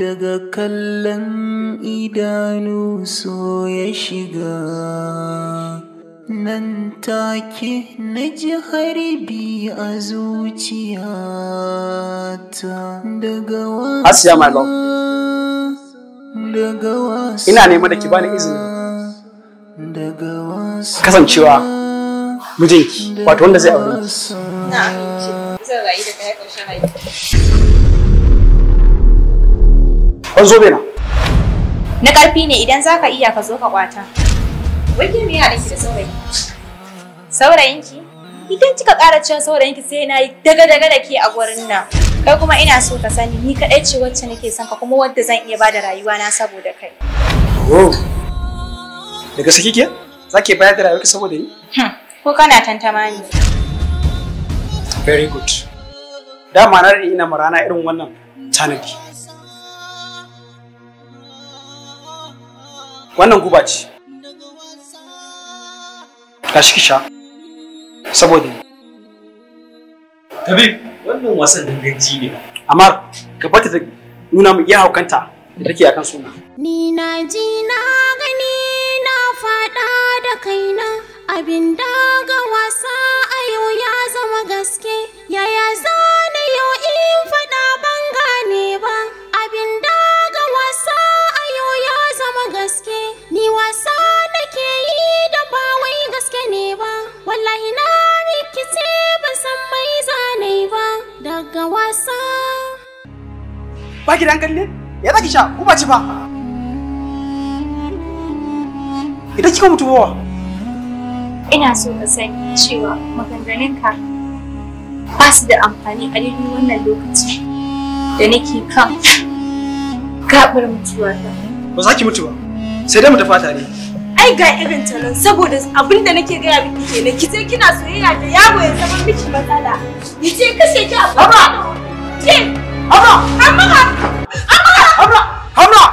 daga kallon idanu so ya shiga nan take na ji harbi a zuciyata daga wasu daga wasa ina neman da ki bani izini kasancewa mijinki wato wanda zai aure ki na amince zan rayu da kai ƙarshen rayuwa an zo bena na ƙarfi ne idan zaka iya ka zo ka kwata wai ke me yana da saurayi saurayinki idan kika ƙara cewa saurayinki sai na daga-daga da ke a gurin nan kai kuma ina so ka sani ni kaɗai ce wacce nake son ka kuma wadda zan iya bada rayuwa na saboda kai. Oh, daga saki ke? zaki bayar da rayuwarki saboda ni hmm, ko kana tantama ni very good dama na ina marana irin wannan tanadi wannan guba ce gashi ki sha saboda ni Tabi, wannan wasan danganci ne. Amma ka bata ta nuna mu iya haukanta da take akan suna. Ni na ji na gani na faɗa da kaina abin daga wasa a yau ya zama gaske yaya za na yau in faɗa ban gane ba abin daga wasa a yau ya zama gaske ni wasa nake yi da ba wai gaske ne ba wallahi na rikice ban san mai zane ba daga wasa ba ki dan kalle ya zaki sha ku ba ci ba Ita kika mutu bawa? Ina so ka sani cewa maganganunka ba su da amfani a daidai wannan lokaci da nake kan gabar mutuwa ta. Ba za ki mutu ba, sai dai mu tafi tare. Ai ga irin ta nan saboda abin da nake gaya miki kenan ki sai kina soyayya da yawo ya zama miki matsala. Ni ce kashe ki a baba. Ke, Abra, Abra, Abra, Abra,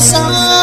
song.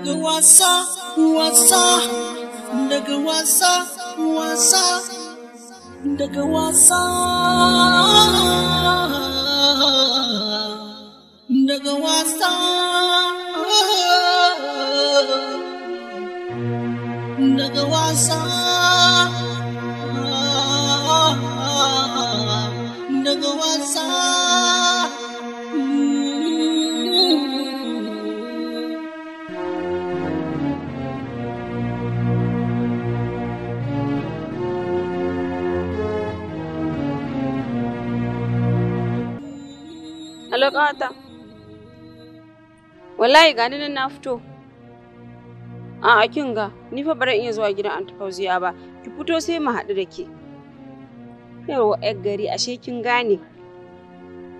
daga wasa wasa daga wasa wasa daga wasa daga wasa daga wasa daga wasa Hello Wallahi gani nan na fito. A'a kin ga ni fa bara iya zuwa gidan Anta Fauziya ba. Ki fito sai mu haɗu da ke. Yawa ƴar gari ashe kin gane.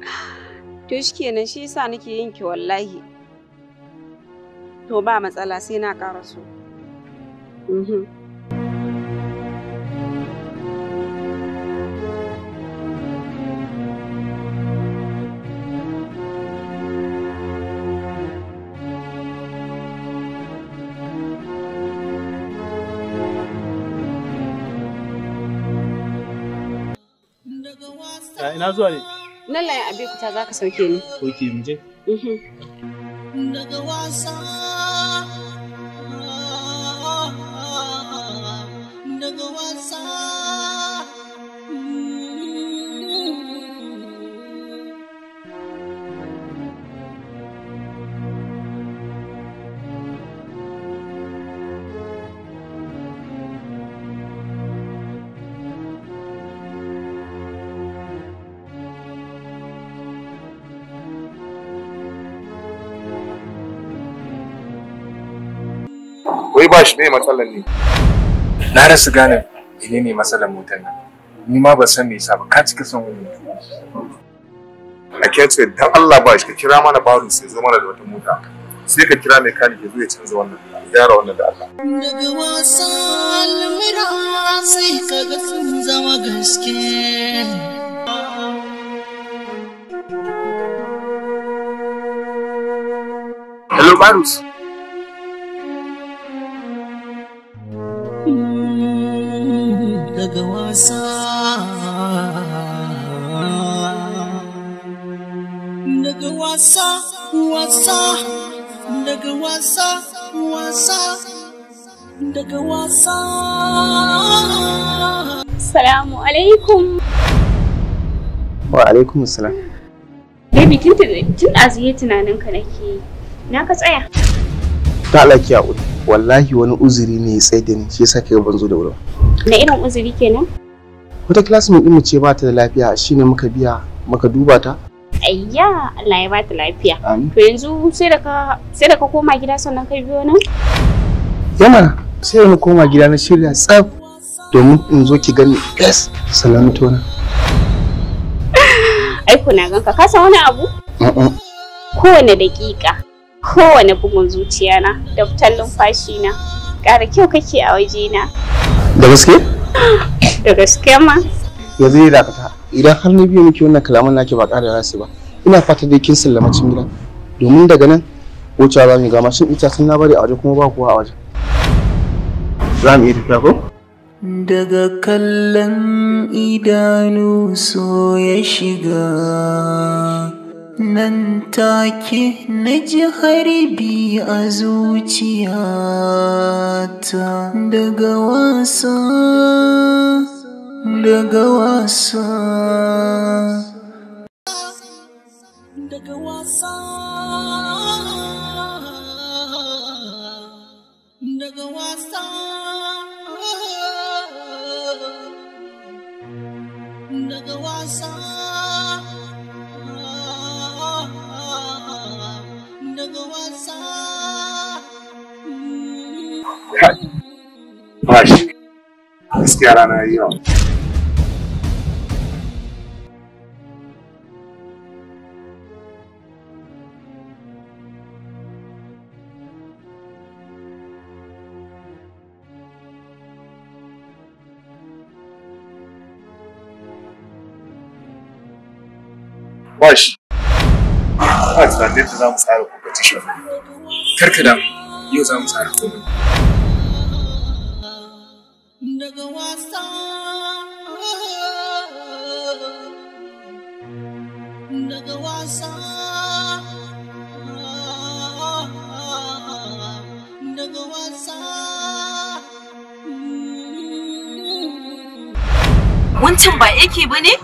To shikenan shi yasa nake yin ki wallahi. To ba matsala sai na ƙara so. mm ina zuwa ne nan abin abikuta za ka sauke ni sauke mu je mhm. daga wasa me matsalar ne na rasa gane ne matsalar motar nan ni ma ba san me yasa ba ka cika son wani a kece dan Allah ba shi ka kira mana baro sai zo mana da wata mota sai ka kira mai kani ya zo ya canza wannan gyara wannan da Allah daga wasan almira sai ka ga sun zama gaske Hello Barus. daga wasa daga wasa wasa daga wasa wasa daga wasa salamu alaikum wa alaikum salam baby tun tun aziye tunaninka nake na ka tsaya ta alakiya uku wallahi wani uzuri ne ya tsaye da ni shi yasa kai ban zo da wurin na irin uzuri kenan wata classmate din mu ce ba ta da lafiya shine muka biya muka duba ta ayya Allah ya ba ta lafiya to yanzu sai da ka sai da ka koma gida sannan ka biyo nan yana sai na koma gida na shirya tsaf domin in zo ki gani yes sannan tona ai kuna ganka ka san wani abu kowane daƙiƙa kowane bugun zuciya na da fitar numfashi na ƙara kyau kake a waje na da gaske da gaske ma yanzu ne da fata idan har na biyo miki wannan kalaman nake ba ƙara rasu ba ina fata dai kin sallama cikin gida domin daga nan wucewa za mu ga mashin ita sun na bari a waje kuma ba kuwa a waje za mu yi tafiya ko daga kallon idanu so ya shiga nan take na ji harbi a zuciyata daga daga wasa daga wasa kai ba shi gaskiya rana yi yawa ba shi ba tunanin da za mu tsara competition karkada yau za mu tsara komai wancan ba iki bane? ne?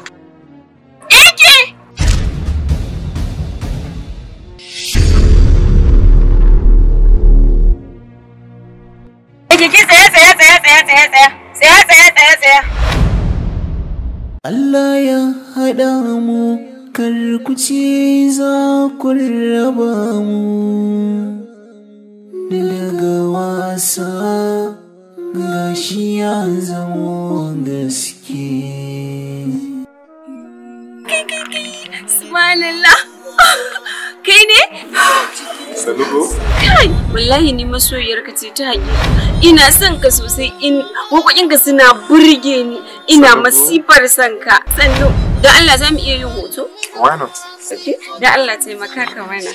Iki ki tsaya tsaya tsaya tsaya tsaya tsaya tsaya tsaya tsaya tsaya. Allah ya haɗa mu kar ku ce za ku raba mu daga wasa gashi ya zamo gaske. subhanallah kai ne sanugo kai wallahi ni masoyiyarka ce ta hakika ina son ka sosai in wakokinka suna burge ni ina masifar son ka sannu da Allah za mu iya yin hoto why not da Allah taimaka ka mana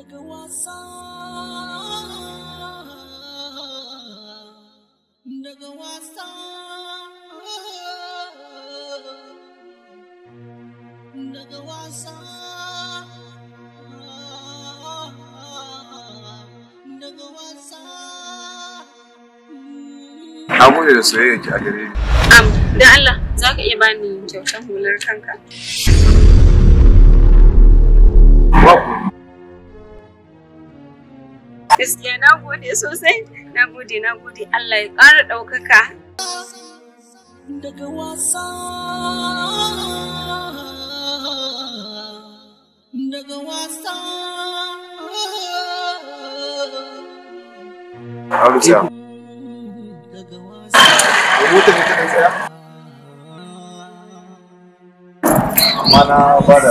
daga wasa daga wasa daga wasa daga wasa na gode da soyayyanki a gare ni am dan Allah za ka iya bani kyautar hular kanka gaskiya na gode sosai na gode na gode Allah ya ƙara ɗaukaka daga wasa daga wasa Abuja. Rubuta ne kaɗan tsaya? Amma na ba da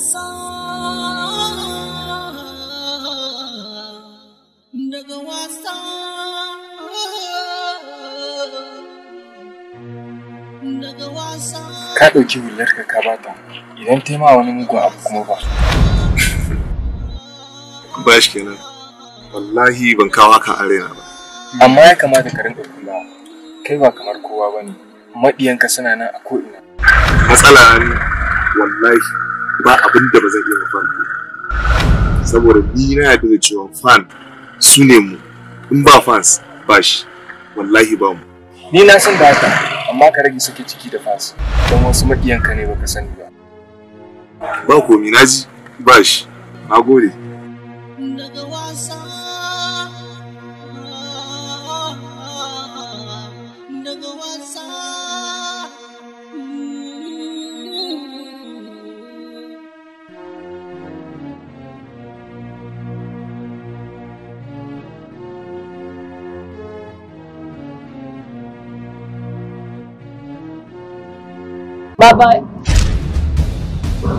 Ka ɗauki hularka ka bata idan ta ma wani mugun abu kuma ba. Ba shi kenan. Wallahi ban kawo ka a ba. Amma ya kamata ka rinka kula. Kai ba kamar kowa ba ne. Maɗiyanka suna nan a ko'ina. Matsala ne. Wallahi. ba abin da ba zan iya fan saboda ni na yarda da cewa fan su ne mu in ba fans ba shi wallahi ba mu ni na san da haka amma ka rage suke ciki da fans don wasu maƙiyanka ne baka sani ba ba komi na ji ba shi na gode daga wasa Baba,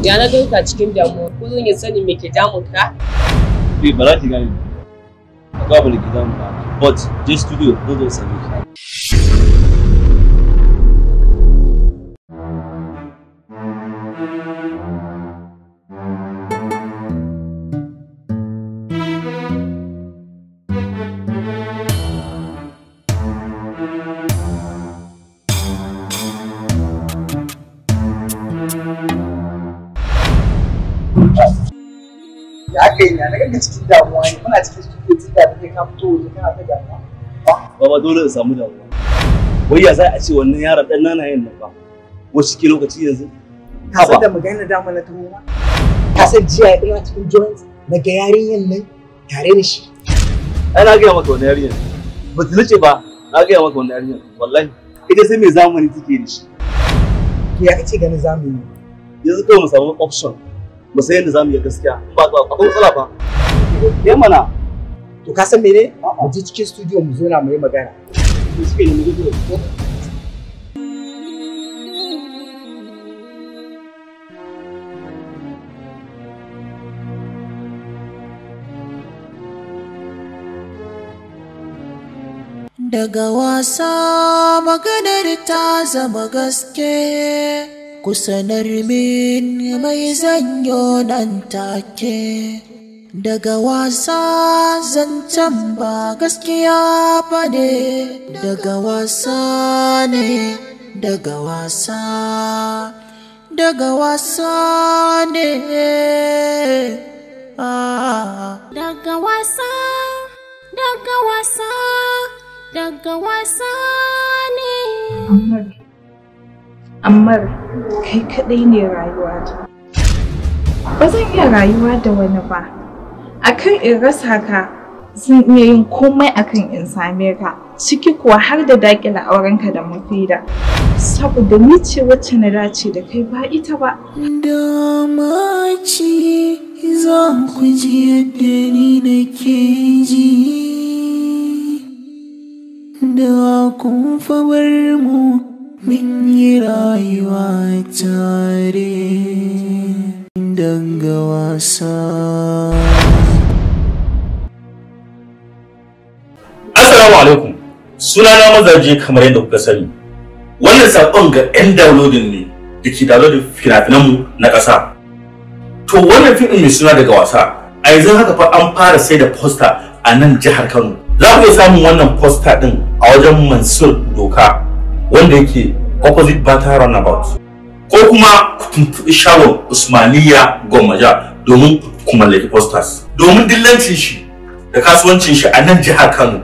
ya na ka cikin damuwa, Kullum ya sani me ke damun ka? Eh, ba za ki gane ba. Ba ba da ke damun ba. But, this studio, don't zo sami kai na na cikin damuwa ne muna cikin cikin cikin da kai ka fito da kana ta damuwa baba dole in samu damuwa wai ya za a ce wannan yaron ɗan nana yin nan ba wasu ke lokaci yanzu ka san da magana da na ta ruwa ka san jiya ina cikin joint daga yarinyan nan tare da shi ai na gaya maka wani yarinyan ba ta nace ba na gaya maka wani yarinyan wallahi ita sai mai zamani take da shi ya ce gani zamani yanzu kawai mu samu option mu sai yadda zamu yi gaskiya ba ba akwai matsala ba eh mana to ka san mene a je cikin studio mu zo na mu yi magana suke ne mu zo Daga wasa maganar ta zama gaske. ku sanar min mai zanyo nan take daga wasa zancen ba gaskiya ba ne daga wasa ne daga wasa daga wasa ne ah. daga wasa daga wasa daga wasa ne amma kai kaɗai ne ta. ba zan iya rayuwa da wani ba akan in rasa ka zan iya yin komai akan in same ka ciki kuwa har da daƙila aurenka da mafida saboda ni ce wacce na dace da kai ba ita ba dama ce za ku ji yadda ni nake ji da kun fa mu Mun yi rayuwa tare danga wasa. Assalamu alaikum. Sunana mazaje kamar yadda kuka sani. Wannan saƙon ga 'yan downloading ne da ke downloading fina-finanmu na ƙasa. To wannan fiɗin mai suna daga wasa, a yanzu haka fa an fara sai da posta a nan jihar Kano. Za ku iya samun wannan posta ɗin a wajen Mansur Doka. wanda yake opposite bata runabout ko kuma ku tuntuɓi shagon usmaniya gwammaja domin ku mallaki posters domin dillancin shi da kasuwancin shi a nan jihar kano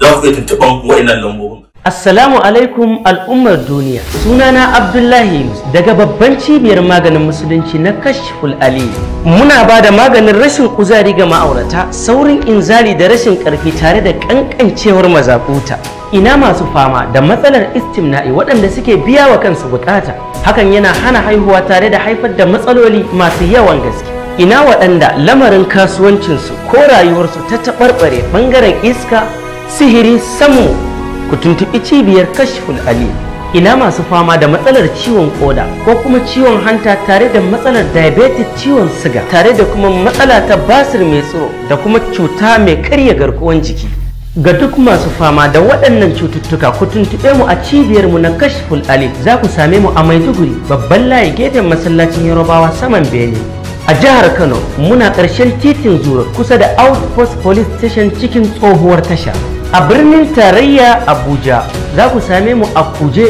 za ku iya tuntuban wa'innan lambobin Assalamu alaikum al'ummar duniya sunana Abdullahi daga babban cibiyar maganin musulunci na Kashful Ali muna ba da maganin rashin kuzari ga ma'aurata saurin inzali da rashin karfi tare da kankancewar mazakuta ina masu fama da matsalar istimna'i waɗanda suke biya wa kansu bukata hakan yana hana haihuwa tare da haifar da matsaloli masu yawan gaske ina waɗanda lamarin kasuwancinsu ko rayuwarsu ta taɓarɓare ɓangaren iska sihiri samu ku tuntuɓi cibiyar kashful ali ina masu fama da matsalar ciwon koda ko kuma ciwon hanta tare da matsalar diabetic ciwon siga tare da kuma matsala ta basir mai tsoro da kuma cuta mai karya garkuwan jiki ga duk masu fama da waɗannan cututtuka ku tuntuɓe mu a cibiyar mu na kashful ali za ku same mu a maiduguri babban layi gefen masallacin yarobawa saman bene a jihar kano muna ƙarshen titin zuwa kusa da outpost police station cikin tsohuwar tasha a birnin tarayya abuja za ku same mu a kuje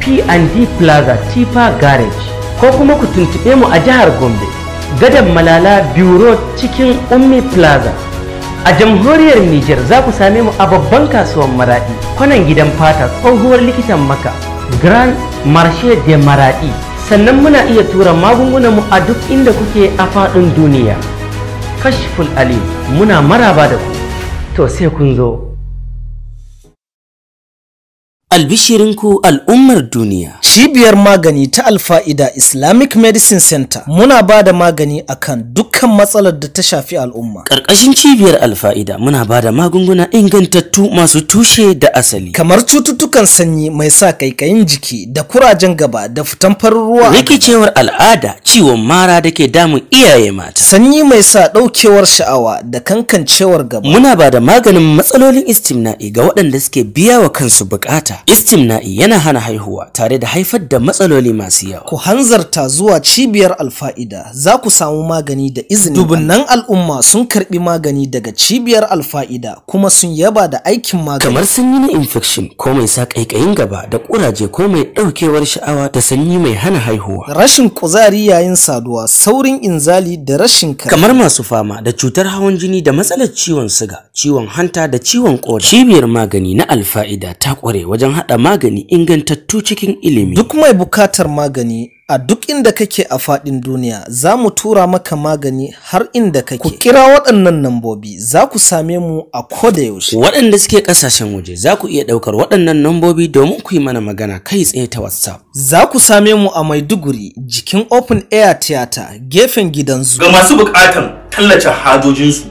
p&d plaza tifa garage ko kuma ku tuntuɓe mu a jihar gombe gadon malala bureau cikin ummi plaza a jamhuriyar niger za ku same mu a babban kasuwan maradi kwanan gidan fata tsohuwar likitan maka grand marché de maradi sannan muna iya tura magungunanmu a duk inda kuke a faɗin duniya kashful Ali, muna maraba da ku to sai kun zo Albishirinku al'ummar duniya. Cibiyar magani ta Alfa'ida Islamic Medicine Center muna ba da magani akan dukkan matsalar da ta shafi al'umma. Ƙarƙashin cibiyar Alfa'ida muna ba da magunguna ingantattu masu tushe da asali. Kamar cututtukan sanyi mai sa kaikayin jiki da kurajen gaba da fitan farin ruwa. Rikicewar al'ada ciwon mara da ke damun iyaye mata. Sanyi mai sa ɗaukewar sha'awa da kankancewar gaba. Muna ba da maganin matsalolin istimna'i ga waɗanda suke biya wa kansu buƙata. istimna'i yana hana haihuwa tare da haifar da matsaloli masu yawa ku hanzarta zuwa cibiyar alfa'ida za ku samu magani da izini dubunnan al'umma sun karbi magani daga cibiyar alfa'ida kuma sun yaba da aikin magani kamar sanyi na infection ko mai sa kaikayin gaba da ƙuraje ko mai ɗaukewar sha'awa da sanyi mai hana haihuwa rashin kuzari yayin saduwa saurin inzali da rashin kare kamar masu fama da cutar hawan jini da matsalar ciwon suga, ciwon hanta da ciwon koda cibiyar magani na alfa'ida ta kware wajen don haɗa magani ingantattu cikin ilimi. Duk mai bukatar magani a duk inda kake a fadin duniya za mu tura maka magani har inda kake. Ku kira waɗannan nambobi za ku same mu a koda yaushe. Waɗanda suke ƙasashen waje za ku iya ɗaukar waɗannan nambobi domin ku yi mana magana kai tsaye ta WhatsApp. Za ku same mu a Maiduguri jikin Open Air Theater gefen gidan zu. Ga masu buƙatan tallace hajojinsu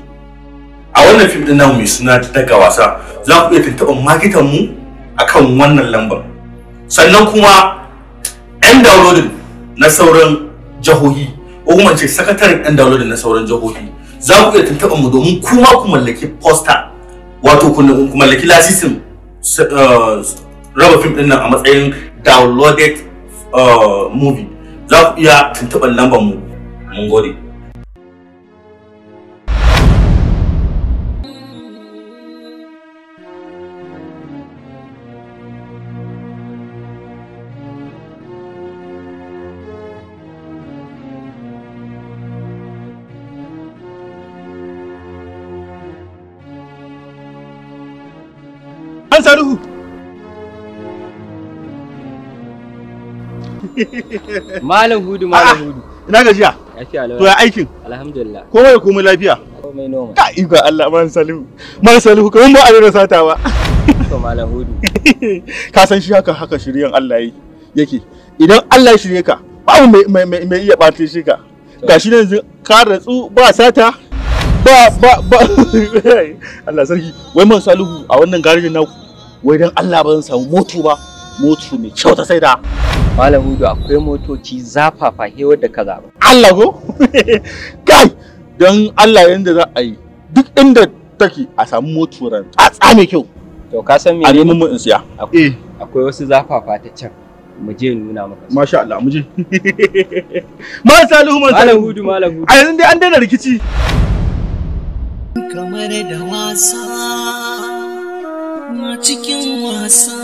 a wannan fim ɗin namu mai suna daga wasa za ku iya tuntuɓar makitan mu akan wannan lambar sannan kuma 'yan downloading na sauran jihohi ko kuma ce sakataren 'yan downloading na sauran jihohi za ku iya tuntuɓa mu domin kuma ku mallaki poster wato ku mallaki lasisin eh, raba fim ɗin nan a matsayin downloaded eh, movie za ku iya tuntuɓar lambar mu mun gode Malam Salihu. Malam Hudu, Malam ah, Hudu. Ina gajiya? Lafiya lafiya. To ya aikin? Alhamdulillah. Komai komai lafiya. Komai noma. Ka iba Allah Malam Salihu. Malam Salihu kaman ba a rera sata ba. To Malam Hudu. Ka san shi haka haka shiryan Allah yake. Idan Allah ya shirye ka, babu mai mai mai iya ɓata shi ka. Gashi nan yanzu ka ratsu ba sata ba ba ba Allah sarki wai man Salihu a wannan garejin naku wai don Allah ba zan samu moto ba moto mai kyau ta saida malam hudu akwai motoci zafafa he da ka zaba Allah ko kai don Allah yanda za a yi duk inda take a samu moto ran tsatsa mai kyau to ka san me ne mun in siya eh akwai wasu zafafa ta can mu je nuna maka masha Allah mu je ma salihu ma salihu hudu malam hudu a yanzu dai an daina rikici kamar da wasa ma cikin wasa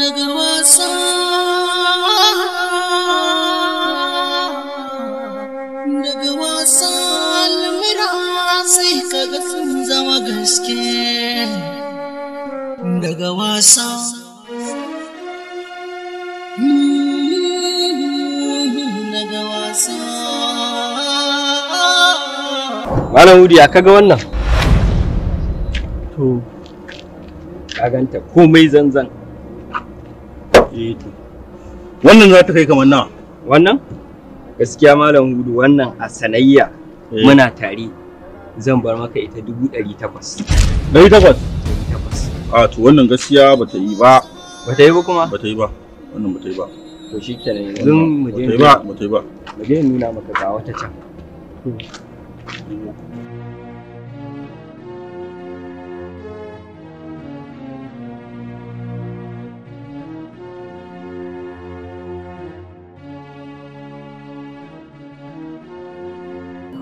daga wasa daga wasa almira sai kaga sun zama gaske daga wasa Malam Hudu ya kaga wannan? ka ganta komai zanzan eh wannan za ta kai kamar nawa wannan gaskiya malam hudu wannan a sanayya eh. muna tare zan bar maka ita dubu ɗari takwas ɗari takwas ɗari takwas a to wannan gaskiya ba ta yi ba ba ta yi ba kuma ba ta yi ba wannan ba ta yi ba to shi kenan yanzu mu je ba ba ta yi ba mu je nuna maka ga wata can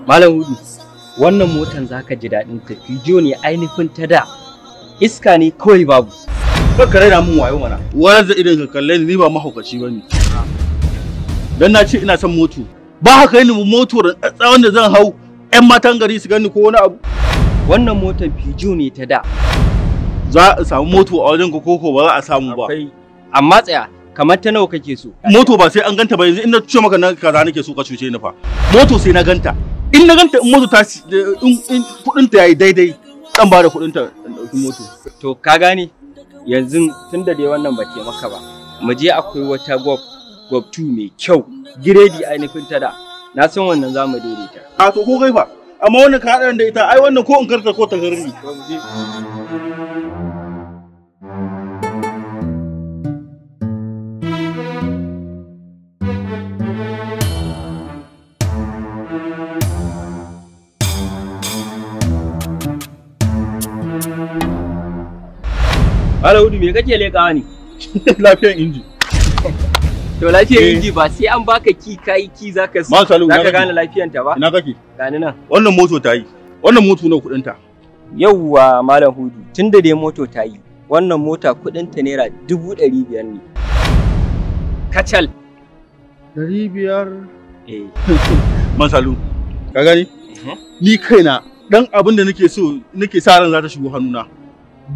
Malam Hudu, wannan motan za ka ji daɗin ta fijo ne ainihin ta da iska ne kawai babu. Kaka raina mun wayo mana. Wani da irin ka kalle ni ba mahaukaci ba ne. Dan na ce ina son moto. Ba haka yin moto da tsawon da zan hau 'yan matan gari su gani ko wani abu. Wannan motan fijo ne ta da. Za a samu moto a wajen ka koko ba za a samu ba. Amma tsaya, kamar ta nawa kake so. Moto ba sai an ganta ba yanzu in na ce maka na kaza nake so ka cuce ni fa. Moto sai na ganta. in na ganta in moto ta in kudin ta yayi daidai zan ba da kudin ta in dauki moto to ka gane yanzu tunda dai wannan ba ke maka ba mu je akwai wata gob gob 2 mai kyau giredi ainihin ta da na san wannan za mu daidaita a to ko kai fa amma wannan ka hada da ita ai wannan ko in karta ko ta garbi hudu me kake leƙawa wani. Lafiyan inji. To lafiyan eh. inji ba sai an baka ki kai ki zaka zaka gane lafiyan ta ba. Ina kake? Gani nan. Wannan moto ta yi. Wannan moto na kuɗin ta. Yawwa Malam Hudu tunda dai moto ta yi. Wannan mota kuɗin ta naira dubu ɗari biyar ne. Kacal. Ɗari biyar. Eh. Masalu. Ka gani? Ni kaina dan abin da nake so nake sa ran za ta shigo hannuna.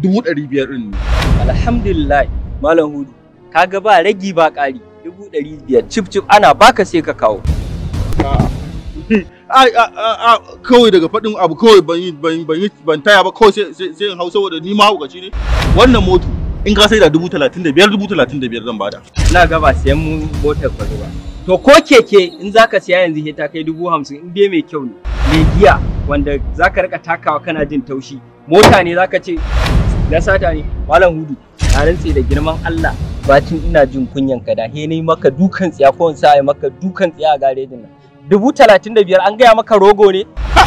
Dubu ɗari biyar ɗin ne. alhamdulillah malam hudu kaga ba ragi ba ƙari dubu ɗari biyar cif cif ana baka sai ka kawo kawai daga faɗin abu kawai ban ban ban taya ba kawai sai in hau saboda ni ma hukaci ne wannan moto in ka sai da dubu talatin da biyar dubu talatin da biyar zan bada na ga ba sayan mu motar ba ba to ko keke in zaka siya yanzu he ta kai dubu hamsin in dai mai kyau ne mai giya wanda zaka rika takawa kana jin taushi mota ne zaka ce na sata ne malam hudu a rantse da girman Allah bacin ina jin kunyan ka da he ne maka dukan tsiya ko wani sa maka dukan tsiya a garejin nan dubu talatin da biyar an gaya maka rogo ne ha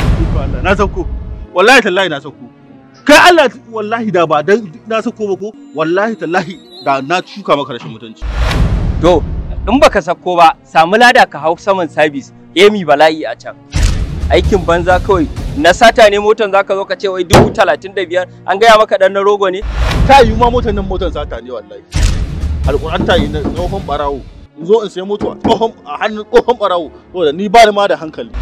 na sauko wallahi tallahi na sauko kai Allah wallahi da ba dan na sauko ba ko wallahi tallahi da na shuka maka rashin mutunci to in baka sako ba samu lada ka hau saman sabis emi bala'i a can aikin banza kawai na sata ne motan zaka zo ka ce wai dubu talatin da biyar an gaya maka dan na rogo ne ta yi ma motan nan motan sata ne wallahi alƙur'an ta yi na tsohon barawo in zo in sai mota tsohon a hannun tsohon barawo saboda ni ba ni ma da hankali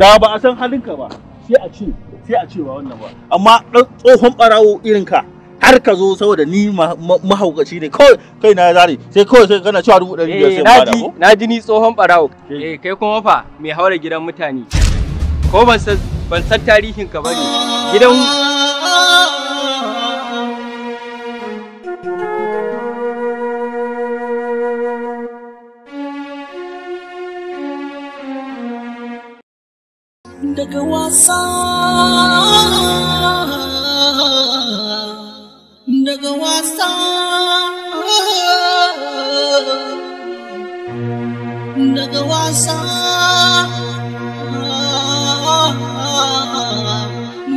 da ba a san halinka ba sai a ce sai a ce ba wannan ba amma tsohon barawo irin ka har ka zo saboda ni mahaukaci ne kawai kai na zare sai kawai sai kana cewa dubu ɗari biyar sai ba da eh, ko na ji ni tsohon barawo eh kai kuma fa mai haura gidan mutane ko ban san ban san tarihin ka bane gidan daga wasa daga wasa daga wasa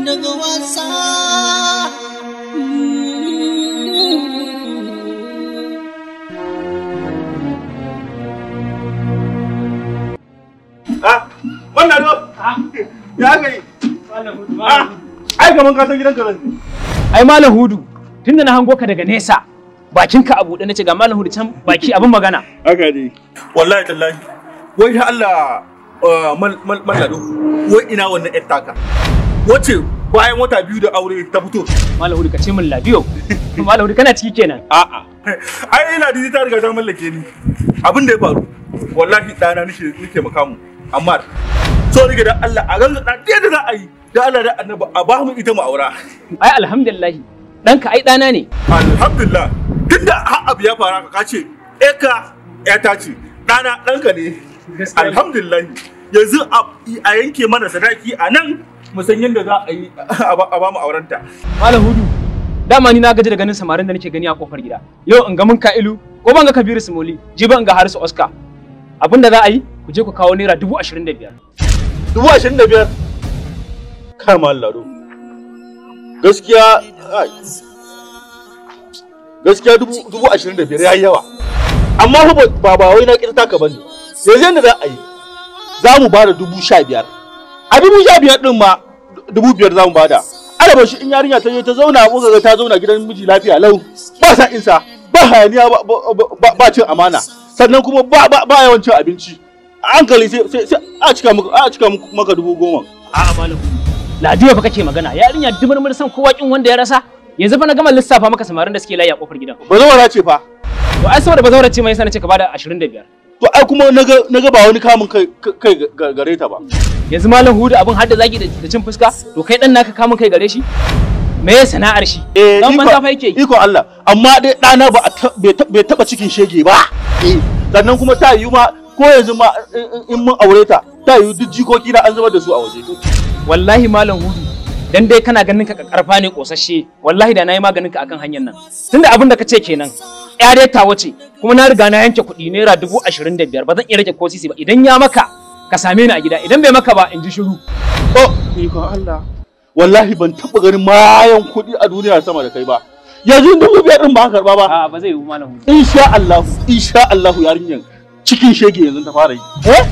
daga wasa Ai, gaban kasar gidan ka Ai, Malam Hudu, tun da na hango ka daga nesa bakinka a buɗe na ga malam hudu can baki abin magana haka ne wallahi tallahi wai ya Allah uh, mallado wai ina wannan yar taka wace bayan wata biyu da aure ta fito malam hudu ka ce min labiyo malam hudu kana ciki kenan a'a ai ina da ta riga ta mallake ni abin da ya faru wallahi ɗana nake nake makamu amma so riga da Allah a ranzu da da za a yi da Allah da annabi a ba mu ita mu aura ai alhamdulillah ɗanka ai ɗana ne. Alhamdulillah duk da har abu ya fara ka ce eka eh ta ce ɗana ɗanka ne. Alhamdulillah yanzu a yanke mana sadaki a nan musan yadda za a yi a ba mu aurenta. Malam Hudu dama ni na gaji da ganin samarin da nake gani a kofar gida. Yau in ga mun Ka'ilu ko ban ga Kabiru Simoli jiba in ga Harisu Oscar. Abin da za a yi ku je ku kawo naira dubu ashirin da biyar. Dubu ashirin da biyar? Kama Allah gaskiya gaskiya dubu ashirin da biyar ya yi yawa amma ba ba wai na kirta ka bane yanzu da za a yi za mu ba da dubu sha biyar a dubu sha biyar din ma dubu biyar za mu ba da araba shi in yarinya ta je ta zauna muka ga ta zauna gidan miji lafiya lau ba sa insa ba hayaniya ba cin amana sannan kuma ba yawan cin abinci a hankali sai a cika maka dubu goma a'a malam Ladiya fa ce magana yarinya dumar mun san kowa kin wanda ya rasa yanzu fa na gama lissafa maka samarin da suke layi a kofar gidan. Ba Bazawara ce fa. To ai saboda bazawara ce mai sana ce ka bada 25. To ai kuma naga naga ba wani kamun kai kai gare ta ba. Yanzu malam Hudu abin har da zaki da cin fuska to kai dan naka kamun kai gare shi. me ya sana'ar shi eh, dan banza fa yake iko Allah amma dai dana ba bai taba cikin shege ba eh, sannan kuma ta yi ma ko yanzu ma in mun aure ta ta yi duk jikoki na an zubar da su a waje wallahi malam hudu dan dai kana ganin ka karfa ne kosashe wallahi da nayi maganin ka akan hanyar nan tunda abin da kace kenan ya dai ta wace kuma na riga na yanke kuɗi naira dubu ashirin da biyar ba zan iya rage ko sisi ba idan ya maka ka same ni a gida idan bai maka ba in ji shiru oh ikon Allah wallahi ban taɓa ganin mayan kuɗi a duniya sama da kai ba yanzu dubu biyar din ba karba ba a ba zai yi malam insha Allah insha Allah yarinyan cikin shege yanzu ta fara yi eh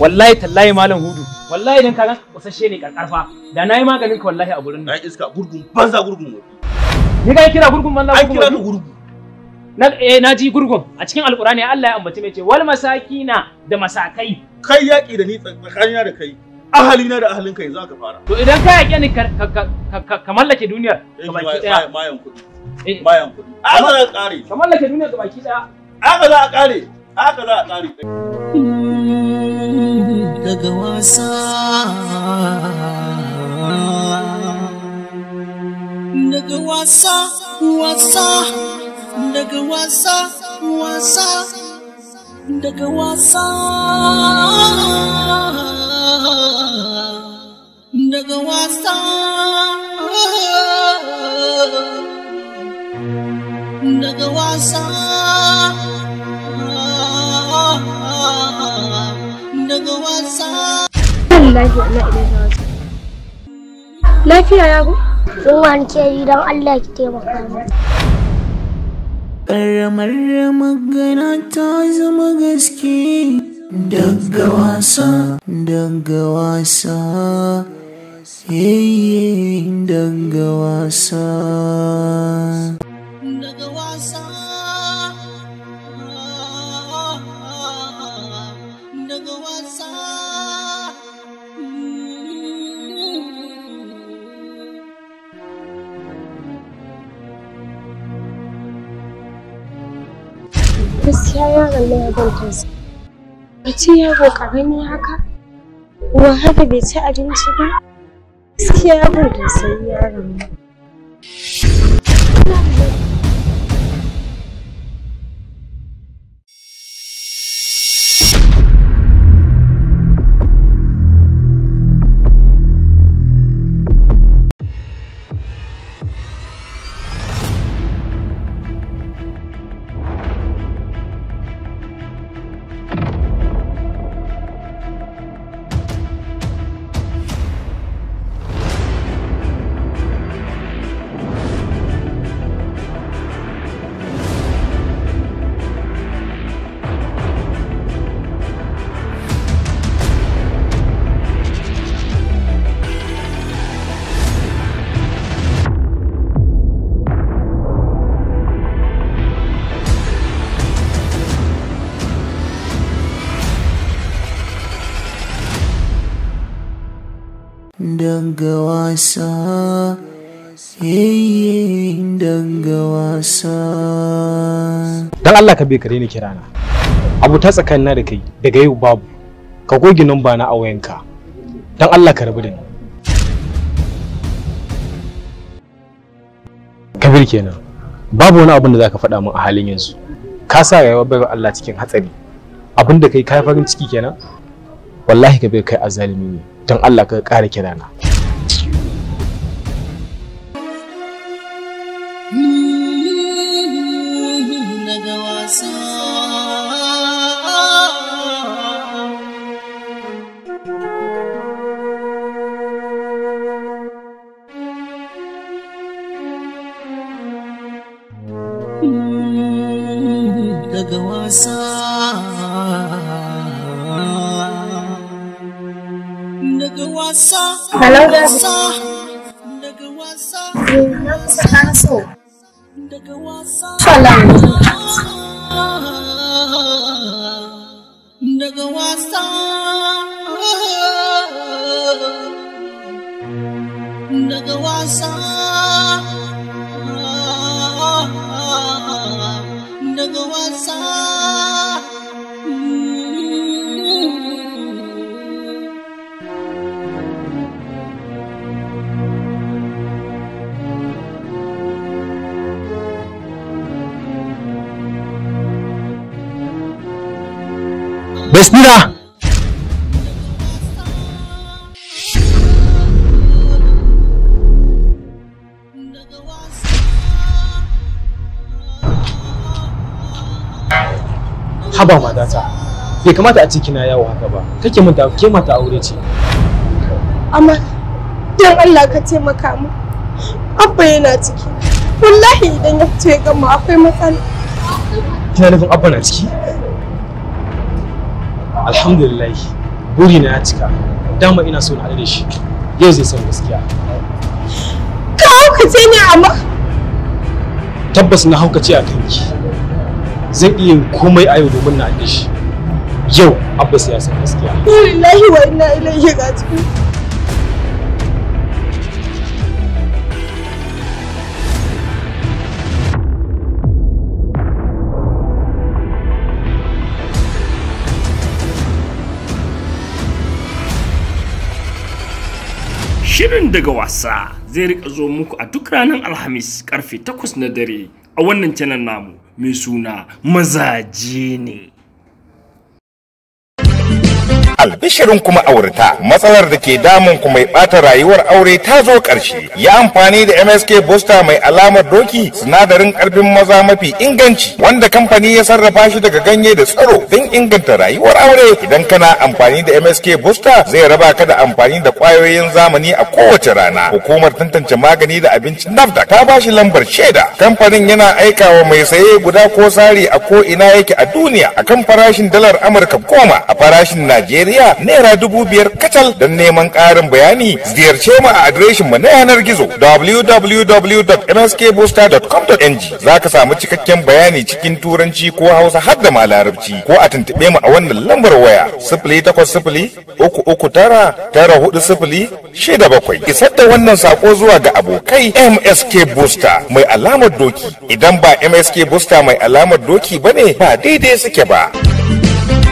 wallahi tallahi malam hudu wallahi idan ka ga ne karkarfa da nayi maganin ka wallahi a gurin nan iska gurgun banza gurgun wani ni ga kira gurgun banza gurgun ai kira ni gurgun na eh na ji gurgun a cikin alqur'ani Allah ya ambaci mai ce wal masakina da masakai kai yaki da ni tsakanina da kai ahalina da ahalinka yanzu aka fara. To idan ka yaƙe ni ka mallake duniyar baki daya. Mayan kudi. Mayan kare. Ka mallake duniyar eh, baki daya. haka za a kare haka za a kare daga wasa daga wasa wasa daga wasa wasa daga wasa daga wasa daga wasa daga wasa wallahi wallahi idan na wasa lafiya ya go tsowa ke yi don Allah ki taimaka mu Ƙaramar magana ta zama gaske daga wasa daga wasa Hey, daga wasa. daga wasa daga wasa gaskiya ya na ya banta sa a ce yaro ƙarami haka wa haka bai ci abinci ba gaskiya ya banta sai yaron danga wasa yayin danga wasa dan Allah ka bai kare ni kirana abu ta na da kai daga yau babu ka goge namba na a wayanka dan Allah ka rabu da ni kabir kenan babu wani abin da zaka faɗa min a halin yanzu ka sa rayuwar babu Allah cikin hatsari abin da kai kai farin ciki kenan wallahi ka bai kai azalimi ne dan Allah ka ƙara kirana Hello, Daga wasa, daga wasa. Basira! Haba data. bai kamata a ce kina yawo haka ba, kake mun ke mata aure ce. Amma dan Allah ka taimaka mu, abba yana ciki, wallahi idan ya fito ya gama akwai matsala. Kina nufin abba na ciki? alhamdulillah buri na ya cika dama ina so na da shi yau zai san gaskiya ka haukace ni, amma tabbas na haukace a kanki zan iya yin komai a yau domin na da shi yau abbas ya san gaskiya wallahi wa inna ilaihi raji'un Shirin daga wasa zai rika zo muku a duk ranar Alhamis karfe takwas na dare a wannan canan namu mai suna mazaje ne. albishirin kuma aurata matsalar da ke damun ku mai bata rayuwar aure ta zo ƙarshe Ya amfani da msk booster mai alamar doki sinadarin karfin maza mafi inganci wanda kamfani ya sarrafa shi daga ganye da tsaro don inganta rayuwar aure idan kana amfani da msk booster zai raba ka da amfani da kwayoyin zamani a kowace rana hukumar tantance magani da abinci nafda ta ba shi lambar shaida kamfanin yana aika wa mai saye guda ko sari a ko ina yake a duniya akan farashin dalar amurka goma a farashin najeriya Najeriya naira dubu biyar kacal don neman ƙarin bayani ziyarce mu a adireshin mu na yanar gizo www.mskbooster.com.ng za ka samu cikakken bayani cikin turanci ko hausa har da malarabci ko a tuntuɓe mu a wannan lambar waya sifili takwas sifili uku uku tara tara hudu sifili shida bakwai isar da wannan sako zuwa ga abokai MSK Booster mai alamar doki idan ba MSK Booster mai alamar doki ba ne ba daidai suke ba.